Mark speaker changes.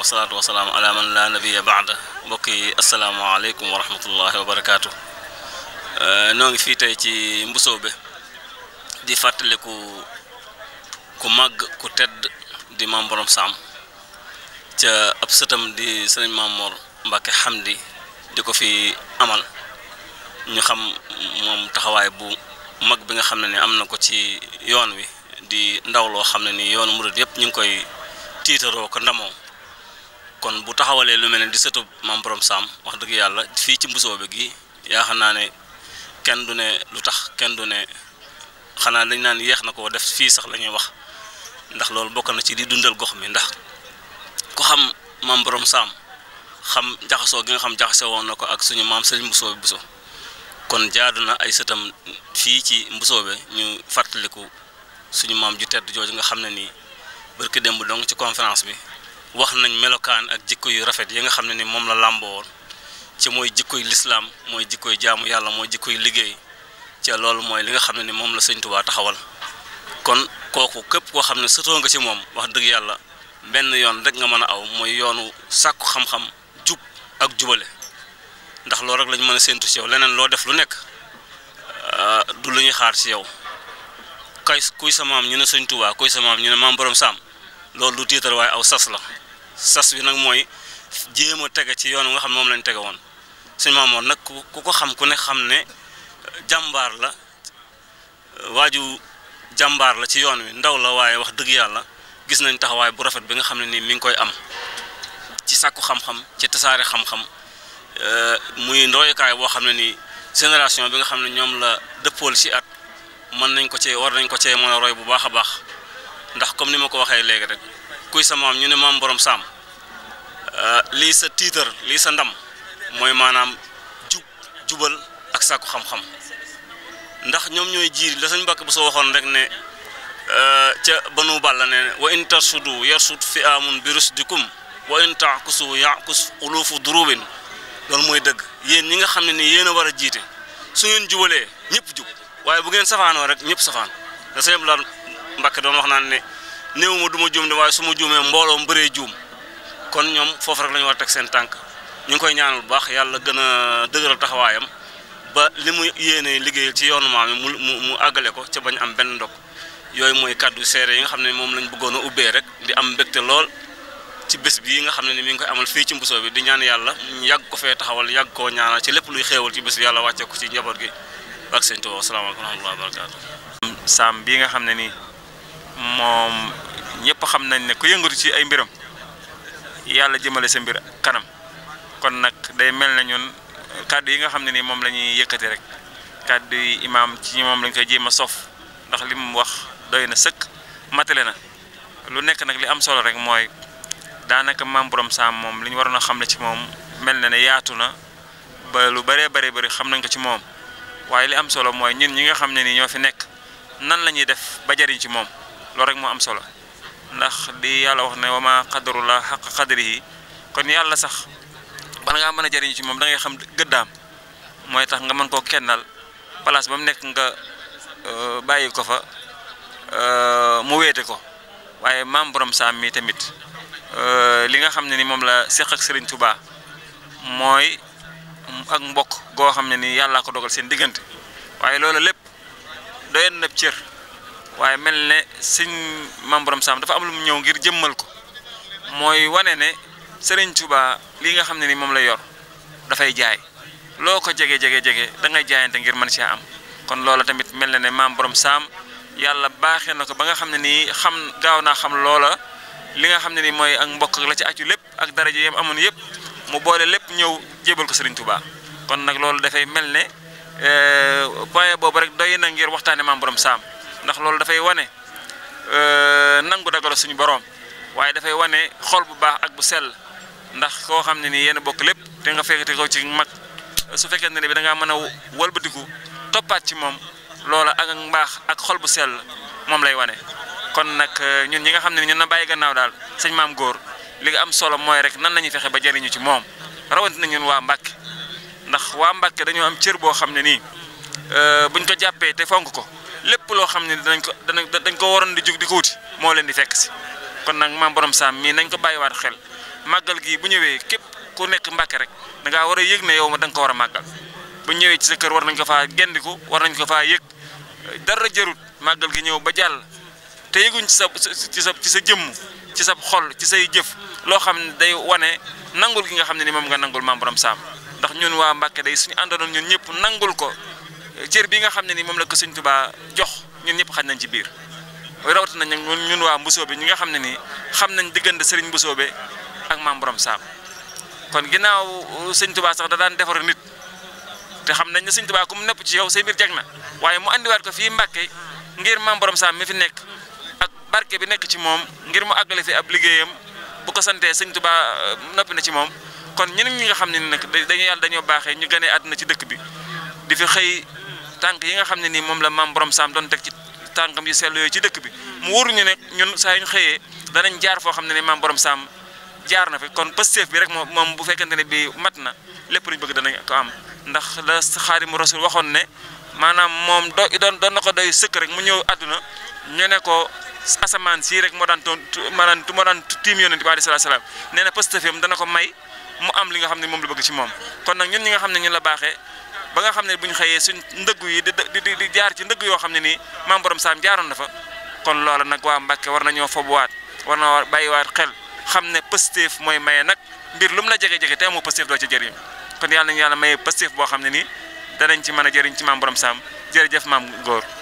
Speaker 1: wasalaatu wasalaam ala man laa nabiya baada mbokk yi asalaamaaleykum wa rahmatullahi wa barakaatu euh, noo ngi fii tey ci Mbusoobe di fàttali ku ku màgg ku tedd di maam borom saam ca ab sëtam di sëriñ Maam Mor Mbàkke Xamdi di ko fi amal ñu xam moom taxawaay bu mag bi nga xam ne ni am na ko ci yoon wi di ndaw loo xam ne ni yoon murid yëpp ñu ngi koy tiitaroo ko ndamoo kon bu taxawalee lu mel ne di sëtub maam borom saam wax dëgg yàlla fii ci Mbusoobe gi yaakaar naa ne kenn du ne lu tax kenn du ne xanaa dañ naan yeex na ko def fii sax lañuy wax ndax loolu bokk na ci di dundal gox mi ndax ku xam maam borom saam xam jaxasoo gi nga xam jaxase woon na ko ak suñu maam sëriñ Mbusoobe Buso kon jaadu na ay sëtam fii ci Mbusoobe ñu fàttaliku suñu maam ju tedd jooju nga xam ne nii barki démb dong ci conférence bi wax nañ melokaan ak jikko yu rafet yi nga xam ne ni moom la làmboo woon ci mooy jikkoy lislaam mooy jikkoy jaamu yàlla mooy jikkoy liggéey ca loolu mooy li nga xam ne ni moom la sëñ taxawal kon kooku képp koo xam ne sëtoo nga ci moom wax dëgg yàlla benn yoon rek nga mën a aw mooy yoonu sàkku xam-xam jub ak jubale ndax loolu rek lañ mën a séentu ci leneen loo def lu nekk ah, du lu xaar ci yow kay kuy sa maam ñu ne sëñ Tuubaa kuy sa maam ñu ne maam borom saam loolu lu tiital waaye aw sas la sas bi nag mooy jéem a tege ci yoon nga xam ne moom lañ tege woon suñu maamoon nag ku ko xam ku ne xam ne jàmbaar la waaju jàmbaar la ci yoon wi ndaw la waaye wax dëgg yàlla gis nañ taxawaay bu rafet bi nga xam ne nii mi ngi koy am ci sàkku xam ci tasaare xam-xam eh, muy ndooyukaay boo xam ne nii génération bi nga xam ne ñoom la dëppool ci at mën nañ ko cee war nañ ko cee mën a roy bu baax a baax ndax comme ni ma ko waxee léegi rek kuy sa ñu ne maam borom saam euh, lii sa tiitar lii sa ndam mooy maanaam jub jubal ak sàkku xam-xam ndax ñoom ñooy jiir la sañ mbàkk bu soo waxoon rek ne euh, ca banu bàlla ne wa in tarsudu yarsud fi amun bi rusdikum wa in taakusu yaakus ulufu durubin loolu mooy dëgg yéen ñi nga xam ne ni yéen a war a jiite su ngeen jubalee ñëpp jub waaye bu ngeen safaanoo rek ñëpp safaan da sañ Abdu Lahat doon wax naan ne néew ma du ma juum de waaye su ma juumee mbooloo mbëree juum kon ñoom foofu rek lañu ñu war teg seen tànk ñu ngi koy ñaanal bu baax yàlla gën a dëgëral taxawaayam ba li mu yéenee liggéeyal ci yoonu maam yi mu mu mu àggale ko ca bañ am benn ndox yooyu mooy kàddu seere yi nga xam ne moom lañ bëggoon a ubbee rek di am mbégte lool ci bés bii nga xam ne ni mi ngi koy amal fii ci mbusoo bi di ñaan yàlla ñu yàgg ko fee taxawal yàgg koo ñaanal ci lépp luy xéewal ci bés bi yàlla ci njaboot gi ak sëñ Tuubaa
Speaker 2: moom ñëpp xam nañ ne ku yëngatu ci ay mbiram yàlla jëmale sa mbir kanam kon nag day mel na ñun kàddu yi nga xam ne nii moom la ñuy yëkkati rek kàddu yi imaam ci moom lañ koy jéem a sof ndax li mu wax doy na sëkk matale na lu nekk nag li am solo rek mooy daanaka maam borom saam moom li ñu waroon a xam ne ci moom mel na ne yaatu na ba lu bëree bëri bëri xam nañ ko ci moom waaye li am solo mooy ñun ñi nga xam ne ni ñoo fi nekk nan la ñuy def ba jariñ ci moom loolu rekk moo am solo ndax di yàlla wax ne wa ma qadarullah xaq yi kon yàlla sax bala ngaa mën a jëriñu ci moom da ngay xam gëddaam mooy tax nga mën koo kennal place ba mu nekk nga euh, bàyyi ko fa euh, mu weete ko waaye maam borom saam mi tamit euh, li nga xam ne ni moom la seq ak Serigne Touba mooy ak mbokk goo xam ne ni yàllaa ko dogal seen diggante waaye loolu lépp doyen na cër. waaye mel ne sëñ Maam Borom Sam dafa am lu mu ñëw ngir jëmmal ko mooy wane ne sëriñ tubaa lii nga xam ne ni moom la yor dafay jaay loo ko jege jege jege da ngay jaayante ngir mën cee am kon loola tamit mel na ne Maam Borom Sam yàlla baaxee na ko ba nga xam ne nii xam gaaw naa xam loola li nga xam ne ni mooy ak mbokk la ci aju lépp ak daraja yam amoon yëpp mu boole lépp ñëw jébal ko Serigne Touba kon nag loolu dafay mel ne euh, point boobu rek doy na ngir waxtaane Maam Borom Sam ndax loolu dafay wane euh, nangu dagalo suñu borom waaye dafay wane xol bu baax ak bu sell ndax koo xam ne nii yéen bokk lépp te nga fekkati ko ci mag su fekkente ne bi da ngaa mën a walbatiku toppaat ci moom loola ak mbaax ak xol bu sell moom lay wane. kon nag euh, ñun ñi nga xam ne ñun na bàyyi gannaaw daal sëñ maam góor li am solo mooy rek nan la ñuy fexe ba jariñu ci moom rawatina ñun waa Mbàkke ndax waa Mbàkke dañoo am cër boo xam ne nii euh, buñ ko jàppee te fonk ko. lépp loo xam ne danañ ko danañ dañ ko waroon di jug di ko wuti moo leen di fekk si kon nag maam borom saam mii nañ ko bàyyiwaat xel màggal gi bu ñëwee képp ku nekk mbàkke rek da war a yëg ne yow ma da ko war a màggal bu ñëwee ci sa kër war nañ ko fa di ko war nañ ko fa yëg dara jërut màggal gi ñëw ba jàll te yëguñ ci sa ci sa ci sa jëmm ci sa xol ci say jëf loo xam ne day wane nangul gi nga xam ne ni moom nga nangul maam borom saam ndax ñun waa mbàkke day suñu àndoonoon ñun ñëpp nangul ko cër bi nga xam ne ni moom la ko sëñ Tuubaa jox ñun ñëpp xaj nañ ci biir rawatina nañ ñun waa Mbusoobe ñi nga xam ne ni xam nañ diggante sëriñ Mbusoobe ak maam borom saam kon ginnaaw sëñ Tuubaa sax da daan defar nit te xam nañ ne sëñ Tuubaa ku mu ci yow say mbir jag na waaye mu andiwaat ko fii Mbàkke ngir maam borom saam mi fi nekk ak barke bi nekk ci moom ngir mu àggale fi ab liggéeyam bu ko santee sëñ Tuubaa noppi na ci moom kon ñeneen ñu nga xam ne ni nag dañu yàlla dañoo baaxee ñu gënee àdduna ci dëkk bi di xëy tànk yi nga xam ne nii moom la maam borom saam doon teg ci tànkam yu sell yooyu ci dëkk bi mu wóoruñu ne ñun saa yu ñu xëyee danañ jaar foo xam ne ni maam borom saam jaar na fi kon pësteef bi rek moom moom bu fekkente ne bi mat na lépp luñ bëgg danañ ko am ndax la xaadimu rasul waxoon ne maanaam moom do doon doon na ko doy sëkk rek mu ñëw àdduna ñu ne ko asamaan sii rek moo daan toon maanaam moo daan tiim yonent bi alayhi salaam nee na pësteefam dana ko may mu am li nga xam ne moom la bëgg ci moom kon nag ñun ñi nga xam ne ñun la baaxee ba nga xam ne bu ñu xëyee suñ ndëgg yi di di jaar ci ndëgg yoo xam ne nii maam borom saam jaaroon na fa kon loola nag waa Mbàkke war nañoo fobuwaat war na bàyyiwaat xel xam ne pësteef mooy maye nag mbir lu mu la jege-jege te amoo pësteef doo ci jëriñ kon yàlla nañu yàlla maye pësteef boo xam ne nii danañ ci mën a jëriñ ci maam borom saam jërëjëf maam góor